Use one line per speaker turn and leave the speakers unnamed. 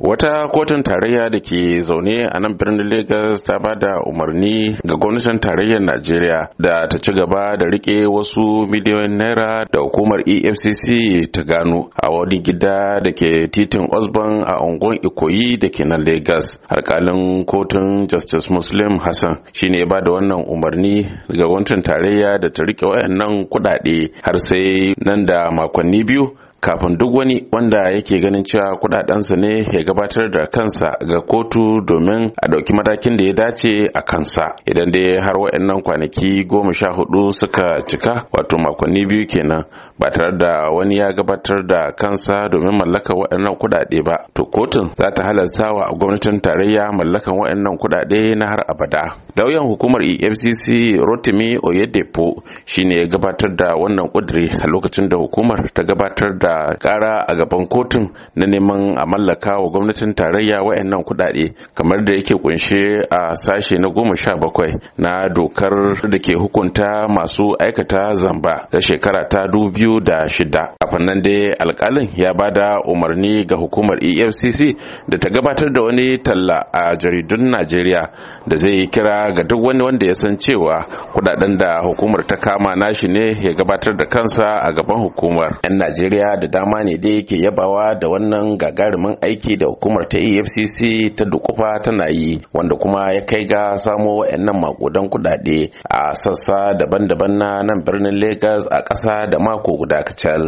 Wata kotun tarayya da ke zaune a nan birnin Legas ta ba da umarni ga gwamnatin tarayyar Najeriya da ta ci gaba da rike wasu miliyoyin naira da hukumar EFCC ta gano a wani gida da ke titin Osborn a unguwar Ikoyi da ke nan Legas. Alkalin kotun Justice Muslim Hassan shine ba da wannan umarni ga gwamnatin tarayya da ta rike wayannan kuɗaɗe har sai nan da makonni biyu kafin duk wani wanda yake ganin cewa kudadensa ne ya gabatar da kansa ga kotu domin a ɗauki matakin da ya dace a kansa idan dai har wa'annan kwanaki goma sha hudu suka cika wato makonni biyu kenan ba tare da wani ya gabatar da kansa domin mallakar waɗannan kuɗaɗe ba to kotun za ta halarta wa gwamnatin tarayya mallakan waɗannan kuɗaɗe na har abada lauyan hukumar efcc rotimi oyedepo shine ya gabatar da wannan kudiri a lokacin da hukumar ta gabatar da da kara a gaban kotun na neman a mallaka wa gwamnatin tarayya wayannan kuɗaɗe kamar da yake kunshe a sashe na goma sha bakwai na dokar da ke hukunta masu aikata zamba da shekara ta dubu da shida A fannin dai alkalin ya bada umarni ga hukumar efcc da ta gabatar da wani talla a jaridun najeriya da zai yi kira ga duk wani wanda ya san cewa kudaden da hukumar ta kama nashi ne ya gabatar da kansa a gaban hukumar 'yan najeriya da dama ne da yake yabawa da wannan gagarumin aiki da hukumar ta efcc ta dukufa tana yi wanda kuma ya kai ga samo wa'annan makudan kudade a sassa daban-daban na nan birnin lagos a ƙasa da mako guda kacal